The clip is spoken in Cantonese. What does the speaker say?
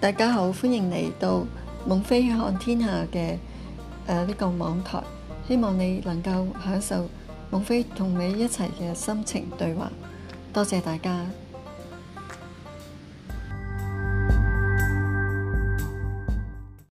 大家好，歡迎嚟到《夢飛看天下》嘅呃呢個網台，希望你能夠享受夢飛同你一齊嘅心情對話。多謝大家。